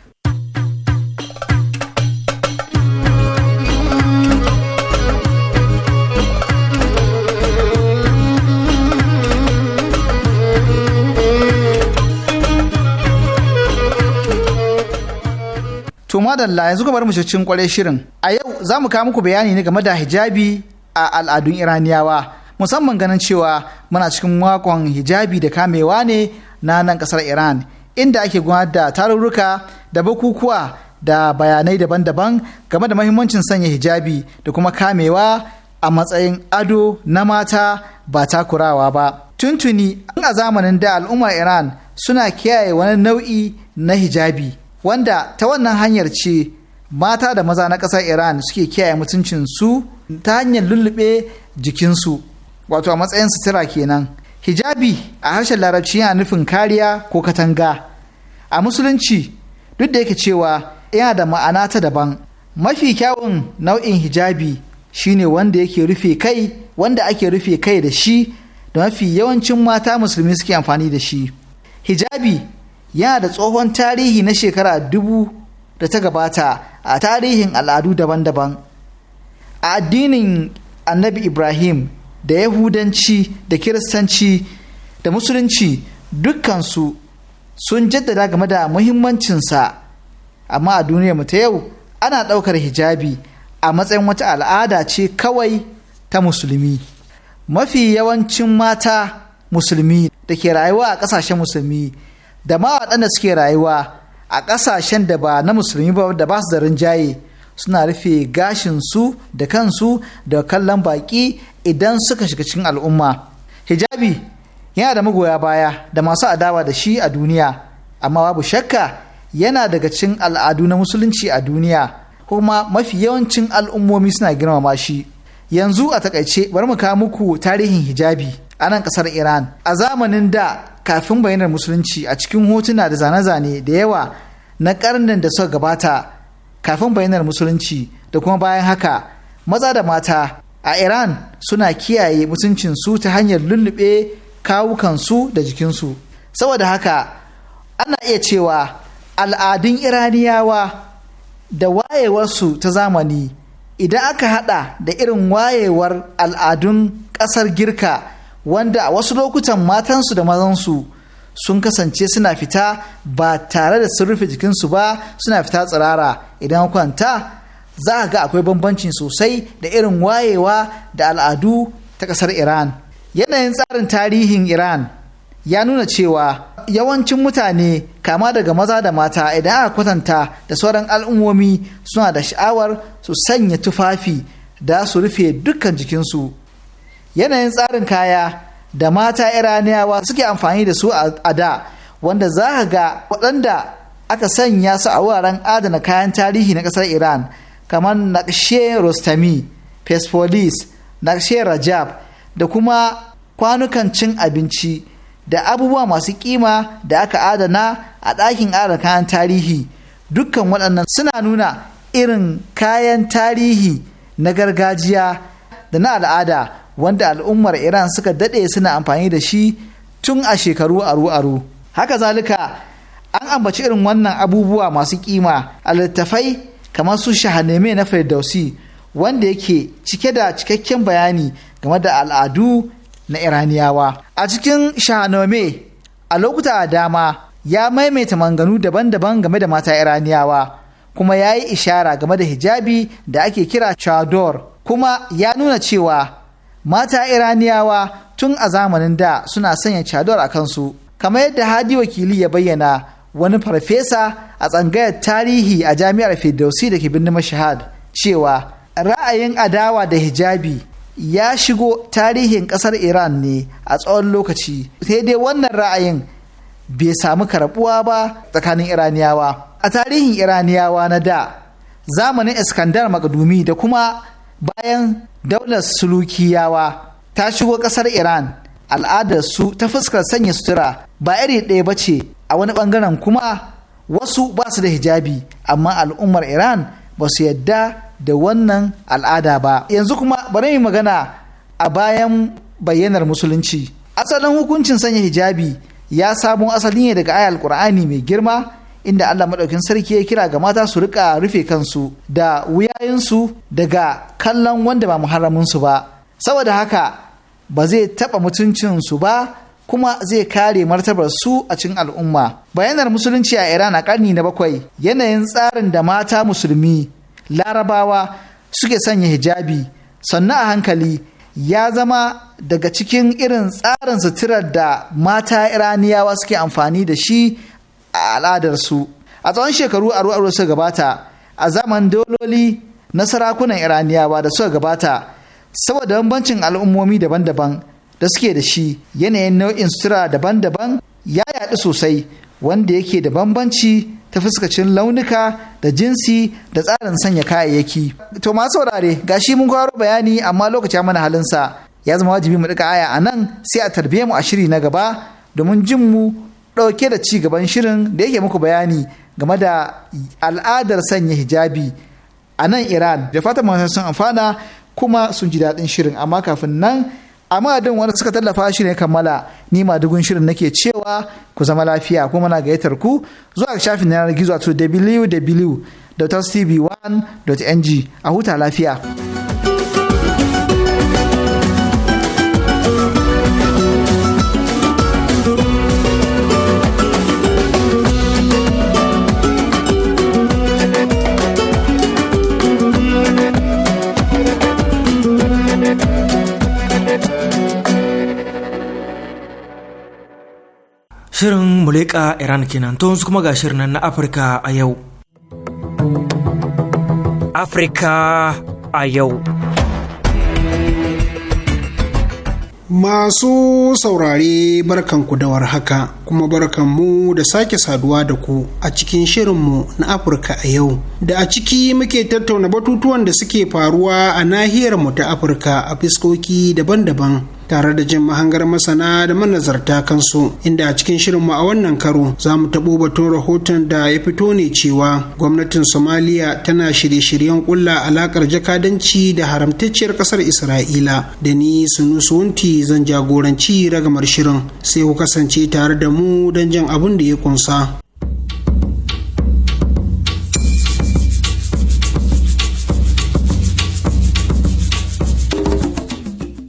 To madalla yanzu bar mu cikin kwarai shirin. A yau za mu kawo muku bayani ne game da hijabi a al'adun Iraniyawa. Musamman ganin cewa muna cikin makon hijabi da kamewa ne na nan kasar Iran inda ake gudanar da tarurruka da bukukuwa da bayanai daban-daban game da mahimmancin sanya hijabi da kuma kamewa a matsayin ado na mata ba takurawa ba. Tuntuni a zamanin da al'ummar Iran suna kiyaye wani nau'i na hijabi. wanda ta wannan hanyar ce mata da maza na ƙasar iran suke kiyaye mutuncinsu ta hanyar lullube jikinsu wato a matsayin sutura kenan hijabi a harshen larabci yana nufin kariya ko katanga a musulunci duk da yake cewa yana da ma'ana ta daban mafi kyawun nau'in hijabi shine wanda yake rufe kai wanda ake rufe kai da shi da mafi yawancin mata musulmi suke amfani da shi hijabi yana da tsohon tarihi na shekara dubu da ta gabata a tarihin al'adu daban-daban a addinin annabi ibrahim da yahudanci da kiristanci da musulunci dukkansu sun jaddada game da muhimmancinsa amma a duniyarmu ta yau ana ɗaukar hijabi a matsayin wata al'ada ce kawai ta musulmi mafi yawancin mata musulmi da ke rayuwa a ƙasashen musulmi da ma waɗanda suke rayuwa a ƙasashen da ba na musulmi ba da ba su da rinjaye suna rufe gashin su da kansu da kallon baƙi idan suka shiga cikin al'umma hijabi yana da magoya baya da masu adawa da shi a duniya amma babu shakka yana daga cikin al'adu na musulunci a duniya kuma mafi yawancin al'ummomi suna girmama shi yanzu a takaice bari mu kawo muku tarihin hijabi a nan ƙasar iran a zamanin da kafin bayanar musulunci a cikin hotuna da zane-zane da yawa na karnin da suka gabata kafin bayanar musulunci da kuma bayan haka maza da mata a iran suna kiyaye mutuncinsu ta hanyar lullube kawukansu da jikinsu saboda haka ana iya cewa al'adun iraniyawa da wayewarsu ta zamani idan aka hada da irin wayewar al'adun ƙasar girka wanda a wasu lokutan matansu da mazansu sun kasance suna fita ba tare da sun rufe jikinsu ba suna fita tsirara idan kwanta za a ga akwai bambanci sosai da irin wayewa da al'adu ta ƙasar iran yanayin tsarin tarihin iran ya nuna cewa yawancin mutane kama daga maza da mata idan aka kwatanta da sauran al'ummomi suna da sha'awar su sanya tufafi da su rufe dukkan jikinsu yanayin tsarin kaya da mata iraniyawa suke amfani da su a da wanda za ka ga waɗanda aka sanya su a wuraren adana kayan tarihi na ƙasar iran kamar nakshe rostami fesfolis nakshe rajab da kuma kwanukan cin abinci da abubuwa masu kima da aka adana a ɗakin adana kayan tarihi dukkan waɗannan suna nuna irin kayan tarihi na gargajiya da na al'ada wanda al'ummar iran suka daɗe suna amfani da shi tun a shekaru aru-aru haka zalika an ambaci irin wannan abubuwa masu kima a littafai kamar su shahaneme na firdausi wanda yake cike da cikakken bayani game da al'adu na iraniyawa a cikin shahaneme a lokuta a dama ya maimaita manganu daban-daban game da mata iraniyawa kuma ya yi ishara game da hijabi da ake kira chador kuma ya nuna cewa mata iraniyawa tun a zamanin da suna sanya cadar a kansu kamar yadda hadi wakili ya bayyana wani farfesa a tsangayar tarihi a jami'ar firdausi da ke birnin mashahad cewa ra'ayin adawa da hijabi ya shigo tarihin kasar iran ne a tsawon lokaci sai dai wannan ra'ayin bai samu karbuwa ba tsakanin iraniyawa a tarihin iraniyawa na da zamanin iskandar makadumi da kuma bayan daular sulukiyawa ta shigo ƙasar iran al'adar su ta fuskar sanya sutura ba iri ɗaya ba ce a wani ɓangaren kuma wasu ba su da hijabi amma al'ummar iran ba su yadda da wannan al'ada ba yanzu kuma bari mu magana a bayan bayyanar musulunci asalin hukuncin sanya hijabi ya samo asali ne daga ayar alkur'ani mai girma inda Allah maɗaukin sarki ya kira ga mata su rika rufe kansu da wuyayensu daga kallon wanda ba muharraminsu ba saboda haka ba zai taɓa mutuncinsu ba kuma zai kare martabar su a cikin al'umma bayanar musulunci a iran a ƙarni na bakwai yanayin tsarin da mata musulmi larabawa suke sanya hijabi sannan a hankali ya zama daga cikin irin tsarin suturar da mata iraniyawa suke amfani da shi a al'adarsu a tsawon shekaru aru aru suka gabata a zaman dololi na sarakunan iraniyawa da suka gabata saboda bambancin al'ummomi daban-daban da suke da shi yanayin nau'in sutura daban-daban ya yaɗu sosai wanda yake da bambanci ta fuskacin launuka da jinsi da tsarin sanya kayayyaki. To ma saurare ga shi mun kwaro bayani amma lokaci mana halinsa ya zama wajibi mu ɗiga aya a nan sai a tarbiyyar mu a shiri na gaba domin jin mu ɗauke da ci gaban shirin da yake muku bayani game da al'adar sanya hijabi a nan iran da fatan masu sun amfana kuma sun ji daɗin shirin amma kafin nan a madadin wanda suka tallafa shirin ya kammala ni ma dugun shirin nake cewa ku zama lafiya kuma na gayyatar ku zuwa shafin yanar gizo a www.tv1.ng a huta lafiya. Shirin Muleka Iran kenan to kuma ga shirin nan na Afirka a yau. Afirka a yau. Masu saurare barkanku da haka kuma barkan mu da sake saduwa da ku a cikin shirinmu na Afirka a yau. Da a ciki muke tattauna batutuwan da suke faruwa a nahiyar mu ta Afirka a fiskoki daban-daban tare da jin mahangar masana da manazarta kansu inda a cikin shirinmu a wannan karo za mu taɓo batun rahoton da ya fito ne cewa gwamnatin somaliya tana shirye-shiryen ƙulla alakar jakadanci da haramtacciyar ƙasar isra'ila da ni Wunti zan jagoranci ragamar shirin sai ku kasance tare da mu don jin abin da ya kunsa.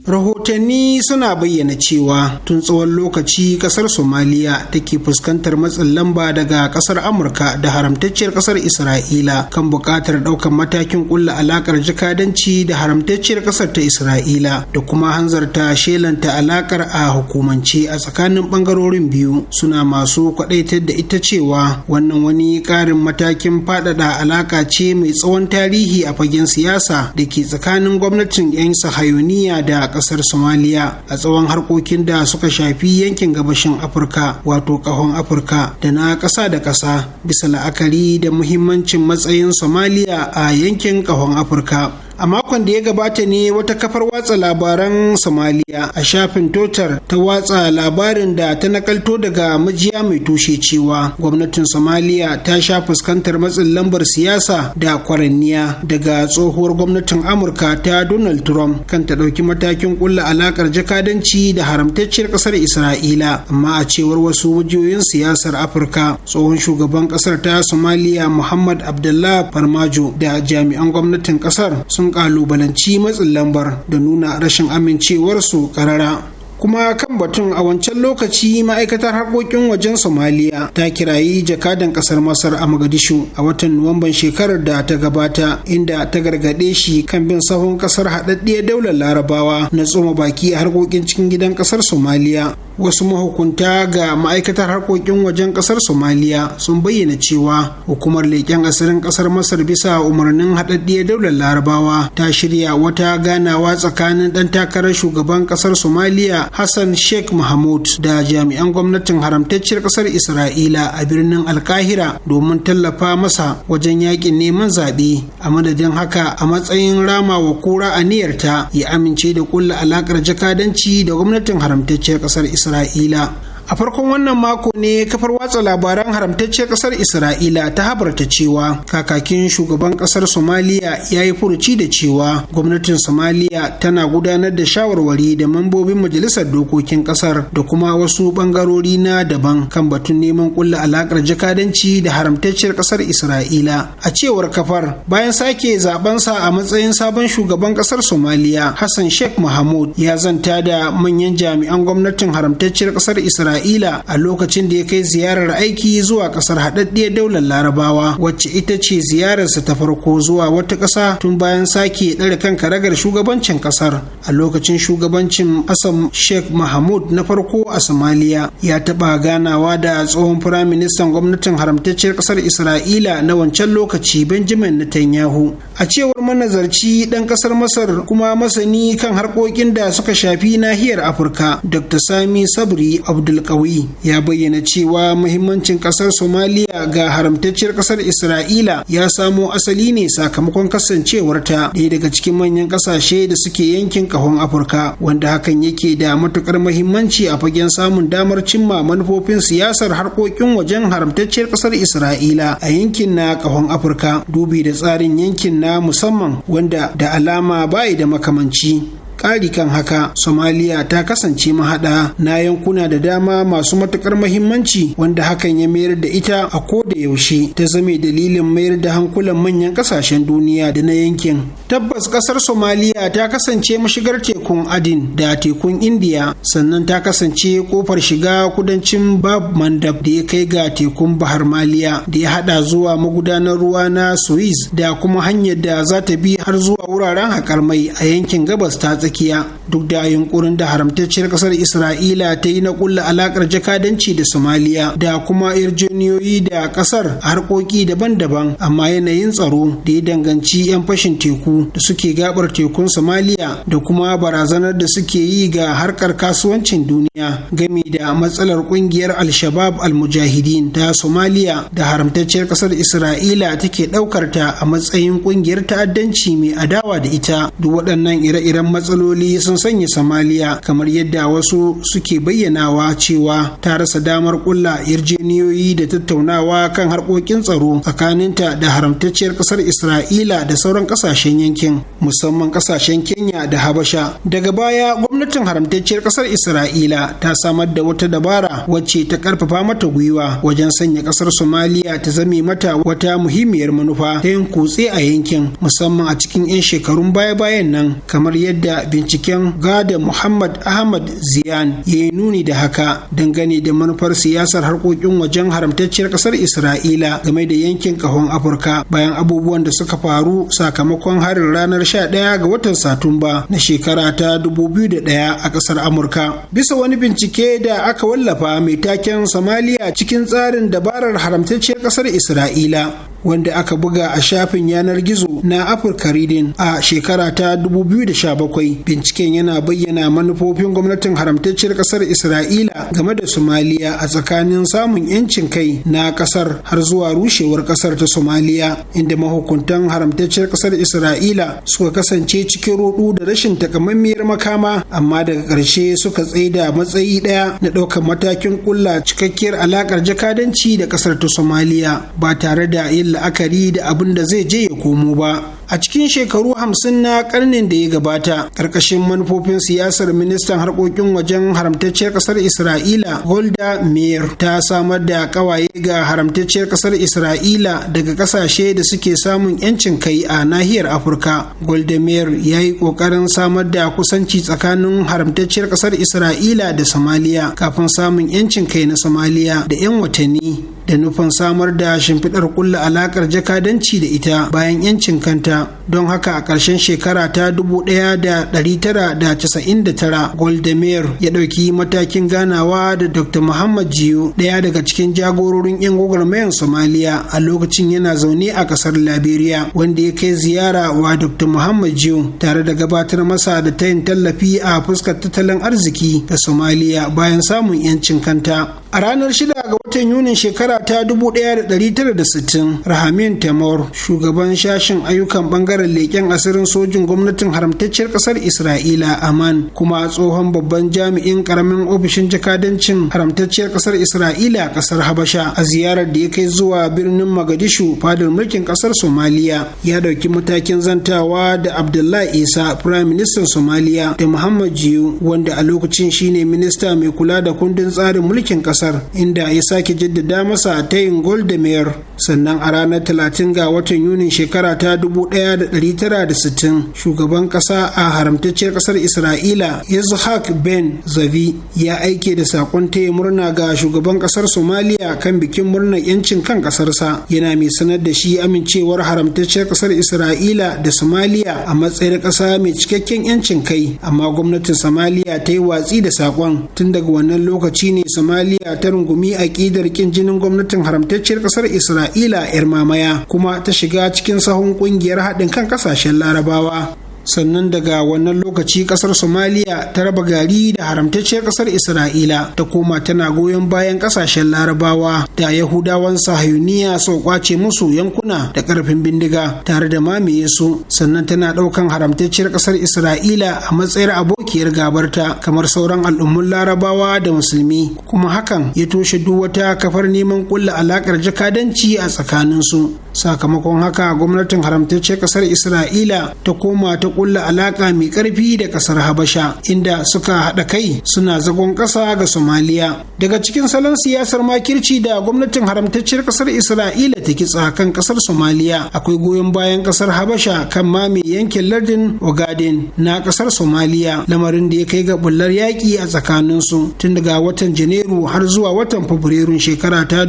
rahotanni suna bayyana cewa tun tsawon lokaci kasar somaliya take fuskantar matsin lamba daga kasar amurka da haramtacciyar kasar isra'ila kan buƙatar ɗaukar matakin ƙulla alaƙar jikadanci da haramtacciyar kasar ta isra'ila da kuma hanzarta shelanta alaƙar a hukumance a tsakanin ɓangarorin biyu suna masu kwaɗaitar da ita cewa wannan wani ƙarin matakin faɗaɗa alaƙa ce mai tsawon tarihi a fagen siyasa da ke tsakanin gwamnatin 'yan sahayoniya da ƙasar somaliya a tsawon harkokin da suka shafi yankin gabashin afirka wato ƙahon afirka da na ƙasa da ƙasa bisa la'akari da muhimmancin matsayin somaliya a yankin ƙahon afirka a makon da ya gabata ne wata kafar watsa labaran Somalia. a shafin totar ta watsa labarin da ta nakalto daga majiya mai tushe cewa gwamnatin Somalia ta sha fuskantar matsin lambar siyasa da kwaranniya daga tsohuwar gwamnatin amurka ta donald trump kan ta ɗauki matakin kulla alakar jakadanci da haramtacciyar ƙasar isra'ila amma a cewar wasu wajiyoyin siyasar afirka tsohon shugaban ƙasar ta somaliya muhammad abdullah farmajo da jami'an gwamnatin ƙasar sun sun ƙalubalanci matsin lambar da nuna rashin amincewar su karara. kuma kan batun a wancan lokaci ma'aikatar harkokin wajen somaliya ta kirayi jakadan kasar masar a magadishu a watan nuwamban shekarar da ta gabata inda ta gargaɗe shi kan bin sahun kasar haɗaɗɗiyar daular larabawa na tsoma baki a harkokin cikin gidan kasar somaliya wasu mahukunta ga ma'aikatar harkokin wajen kasar somaliya sun bayyana cewa hukumar leƙen asirin kasar masar bisa umarnin haɗaɗɗiyar daular larabawa ta shirya wata ganawa tsakanin ɗan takarar shugaban kasar somaliya hassan sheikh mahmud da jami'an gwamnatin haramtacciyar kasar isra'ila a birnin alkahira domin tallafa masa wajen yakin neman zaɓe a madadin haka a matsayin rama wa kura aniyarta ya amince da kulla alaƙar jakadanci da gwamnatin haramtacciyar kasar isra'ila isra'ila a farkon wannan mako ne kafar watsa labaran haramtacciyar kasar isra'ila ta habarta cewa kakakin shugaban kasar somaliya ya yi furuci da cewa gwamnatin somaliya tana gudanar da shawarwari da mambobin majalisar dokokin kasar da kuma wasu bangarori na daban kan batun neman kulla alakar jakadanci da haramtacciyar kasar isra'ila a cewar kafar bayan sake zabansa a matsayin sabon shugaban kasar somaliya hassan sheikh mahmud ya zanta da manyan jami'an gwamnatin haramtacciyar kasar isra'ila isra'ila a lokacin da ya kai ziyarar aiki zuwa kasar haɗaɗɗiyar daular larabawa wacce ita ce ziyararsa ta farko zuwa wata ƙasa tun bayan sake ɗare kan karagar shugabancin ƙasar a lokacin shugabancin asam sheikh mahmud na farko a somaliya ya taɓa ganawa da tsohon firaministan gwamnatin haramtacciyar ƙasar isra'ila na wancan lokaci benjamin netanyahu a cewar manazarci ɗan ƙasar masar kuma masani kan harkokin da suka shafi nahiyar afirka dr sami sabri abdul alkawi ya bayyana cewa muhimmancin kasar somaliya ga haramtacciyar kasar isra'ila ya samo asali ne sakamakon kasancewarta ɗaya daga cikin manyan ƙasashe da suke yankin kahon afirka wanda hakan yake da matuƙar muhimmanci a fagen samun damar cimma manufofin siyasar harkokin wajen haramtacciyar kasar isra'ila a yankin na kahon afirka dubi da tsarin yankin na musamman wanda da alama bai da makamanci ƙari kan haka somaliya ta kasance mahaɗa na yankuna da dama masu matuƙar mahimmanci wanda hakan ya mayar da ita a ko da yaushe ta zame dalilin mayar da hankulan manyan ƙasashen duniya da na yankin tabbas ƙasar somaliya ta kasance mashigar tekun adin da tekun indiya sannan ta kasance kofar shiga kudancin bab mandab da ya kai ga tekun bahar maliya da ya haɗa zuwa magudanar ruwa na suiz da kuma hanyar da za ta bi har zuwa wuraren haƙar mai a yankin gabas ta tsakiya tsakiya duk da yunkurin da haramtacciyar kasar isra'ila ta yi na kulla alakar jakadanci da somaliya da kuma yarjejeniyoyi da kasar a harkoki daban-daban amma yanayin tsaro da ya danganci 'yan fashin teku da suke gabar tekun somaliya da kuma barazanar da suke yi ga harkar kasuwancin duniya gami da matsalar kungiyar al-shabab al-mujahidin da somaliya da haramtacciyar kasar isra'ila take daukar ta a matsayin kungiyar ta'addanci mai adawa da ita duk waɗannan ire-iren matsalar matsaloli sun sanya Somalia kamar yadda wasu suke bayyanawa cewa ta rasa damar kulla yarjeniyoyi da tattaunawa kan harkokin tsaro tsakaninta da haramtacciyar kasar Isra'ila da sauran kasashen yankin musamman kasashen Kenya da Habasha. Daga baya gwamnatin haramtacciyar kasar Isra'ila ta samar da wata dabara wacce ta karfafa mata gwiwa wajen sanya kasar Somalia ta zame mata wata muhimmiyar manufa ta yin kutse a yankin musamman a cikin 'yan shekarun baya-bayan nan kamar yadda binciken gada muhammad ahmad ziyan ya yi nuni da haka dangane da manufar siyasar harkokin wajen haramtacciyar kasar isra'ila game da yankin ƙahon afirka bayan abubuwan da suka faru sakamakon harin ranar 11 ga watan satumba na shekara ta 2001 a kasar amurka bisa wani bincike da aka wallafa mai taken samaliya cikin tsarin dabarar haramtacciyar kasar isra'ila wanda aka buga a shafin yanar gizo na Africa Reading a shekara ta 2017. Binciken yana bayyana manufofin gwamnatin haramtacciyar ƙasar Isra'ila game da Somaliya a tsakanin samun 'yancin kai na ƙasar har zuwa rushewar ƙasar ta Somaliya, inda mahukuntan haramtacciyar ƙasar Isra'ila suka kasance cikin rudu da rashin takamammiyar makama, amma daga ƙarshe suka tsaida matsayi ɗaya na ɗaukar matakin ƙulla cikakkiyar alaƙar jakadanci da ƙasar ta Somaliya ba tare da yin la'akari da abin da zai je ya komo ba a cikin shekaru hamsin na karnin da ya gabata ƙarƙashin manufofin siyasar ministan harkokin wajen haramtacciyar ƙasar isra'ila golda meir ta samar da ƙawaye ga haramtacciyar ƙasar isra'ila daga ƙasashe da suke samun 'yancin kai a nahiyar afirka golda meir ya yi ƙoƙarin samar da kusanci tsakanin haramtacciyar ƙasar isra'ila da Samaliya, kafin samun 'yancin kai na Samaliya da 'yan watanni da nufin samar da shimfiɗar kulla alaƙar jakadanci da ita bayan 'yancin kanta don haka a ƙarshen shekara ta 1999 Meir ya ɗauki matakin ganawa da dr muhammad jiyo ɗaya daga cikin jagororin 'yan gwagwarmayar somaliya a lokacin yana zaune a ƙasar liberia wanda ya kai ziyara wa dr muhammad jiyo tare da gabatar masa da tayin tallafi a fuskar tattalin arziki ga somaliya bayan samun 'yancin kanta A ranar shida ga watan Yunin shekara ta 1960, Rahamin Temur, shugaban shashin ayyukan bangaren leƙen asirin sojin gwamnatin haramtacciyar ƙasar Isra'ila Aman, kuma tsohon babban jami'in ƙaramin ofishin jakadancin haramtacciyar ƙasar Isra'ila a ƙasar Habasha a ziyarar da ya kai zuwa birnin Magadishu fadar mulkin ƙasar Somaliya, ya ɗauki matakin zantawa da Abdullahi Isa, Prime Ministan Somaliya, da Muhammad Jiyu, wanda a lokacin shine minista mai kula da kundin tsarin mulkin ƙasar. kasar inda ya sake jaddada masa tayin gol da mayar sannan a ranar 30 ga watan yunin shekara ta 1960 shugaban kasa a haramtacciyar kasar isra'ila yitzhak ben zavi ya aike da sakon taya murna ga shugaban kasar somaliya kan bikin murnar yancin kan kasarsa yana mai sanar da shi amincewar haramtacciyar kasar isra'ila da somaliya a matsayin kasa mai cikakken yancin kai amma gwamnatin somaliya ta yi watsi da sakon tun daga wannan lokaci ne somaliya ta rungumi aƙidar ƙin jinin gwamnatin haramtacciyar ƙasar Isra'ila 'yar mamaya kuma ta shiga cikin sahun ƙungiyar haɗin kan ƙasashen Larabawa. sannan daga wannan lokaci kasar somaliya ta raba gari da haramtacciyar kasar isra'ila ta koma tana goyon bayan kasashen larabawa da yahudawan sahayuniya sau kwace musu yankuna da karfin bindiga tare da mamaye su sannan tana daukan haramtacciyar kasar isra'ila a matsayin abokiyar gabarta kamar sauran al'ummun larabawa da musulmi kuma hakan ya toshe duk wata kafar neman kulla alakar jakadanci a tsakaninsu sakamakon haka gwamnatin haramtacciyar kasar isra'ila ta koma ta kulla alaka mai karfi da kasar habasha inda suka haɗa kai suna zagon ƙasa ga somaliya daga cikin salon siyasar makirci da gwamnatin haramtacciyar kasar isra'ila ta kitsa kan kasar somaliya akwai goyon bayan kasar habasha kan mame yankin lardin ogaden na kasar somaliya lamarin da ya kai ga bullar yaƙi a tsakaninsu tun daga watan janairu har zuwa watan fabrairun shekara ta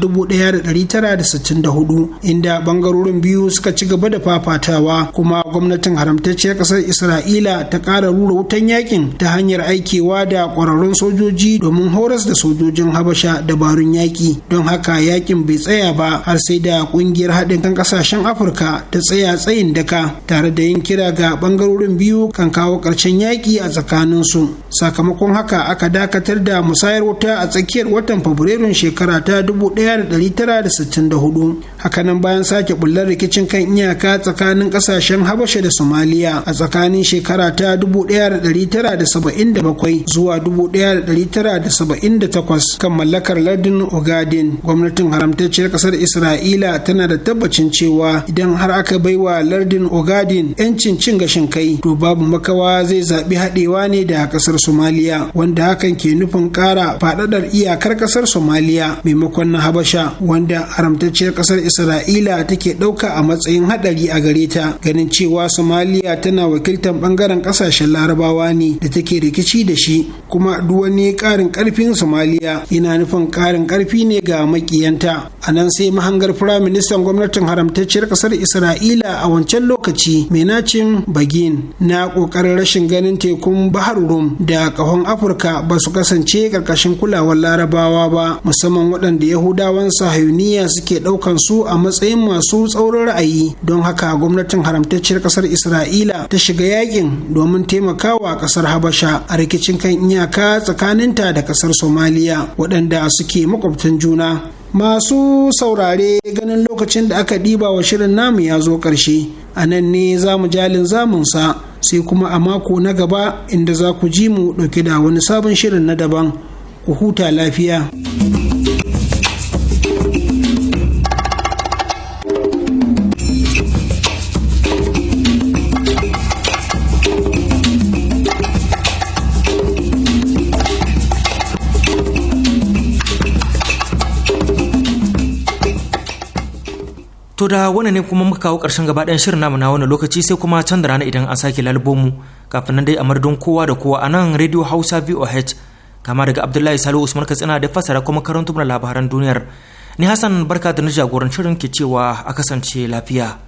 hudu inda bangarorin biyu suka ci gaba da fafatawa kuma gwamnatin haramtacciyar kasar ƙasar isra'ila ta ƙara rura wutan yakin ta hanyar aikewa da ƙwararrun sojoji domin horas da sojojin habasha dabarun yaƙi don haka yakin bai tsaya ba har sai da ƙungiyar haɗin kan ƙasashen afirka ta tsaya tsayin daka tare da yin kira ga bangarorin biyu kan kawo ƙarshen yaƙi a tsakanin su sakamakon haka aka dakatar da musayar wuta a tsakiyar watan fabrairun shekara ta 1964 hakanan bayan sake bullar rikicin kan iyaka tsakanin kasashen habasha da somaliya a tsakanin shekara ta 1977 zuwa 1978 kan mallakar lardin ogadin gwamnatin haramtacciyar kasar isra'ila tana da tabbacin cewa idan har aka baiwa lardin ogadin 'yancin cin gashin kai to babu makawa zai zaɓi haɗewa ne da kasar somaliya wanda hakan ke nufin ƙara faɗaɗar iyakar kasar somaliya maimakon na habasha wanda haramtacciyar kasar isra'ila take ɗauka a matsayin haɗari a gare ta ganin cewa somaliya tana wakiltar bangaren ƙasashen larabawa ne da take rikici da shi kuma duk wani ƙarin ƙarfin somaliya yana nufin ƙarin karfi ne ga makiyanta a nan sai mahangar firaministan gwamnatin haramtacciyar ƙasar isra'ila a wancan lokaci menacin bagin na ƙoƙarin rashin ganin tekun bahar rum da ƙahon afirka ba su kasance ƙarƙashin kulawar larabawa ba musamman waɗanda yahudawan sahayuniya suke ɗaukan su a matsayin masu tsaurin ra'ayi don haka gwamnatin haramtacciyar kasar isra'ila ta shiga yakin domin taimakawa kasar habasha a rikicin kan iyaka tsakaninta da kasar somaliya waɗanda suke makwabtan juna masu saurare ganin lokacin da aka ɗiba wa shirin namu ya zo ƙarshe a nan ne za mu jalin zamunsa sai kuma a mako na gaba inda za ku ji mu ɗauke da wani sabon shirin na daban ku huta lafiya. da wannan ne kuma muka kawo ƙarshen gaba shirin namu na wannan lokaci sai kuma can da rana idan an sake lalbomu kafin nan dai a madadin kowa da kowa a nan Radio Hausa VOH kama daga Abdullahi Salihu Usman Katsina da fassara kuma karantu labaran duniyar. Ni Hassan Barka da na jagorancin shirin ke cewa a kasance lafiya.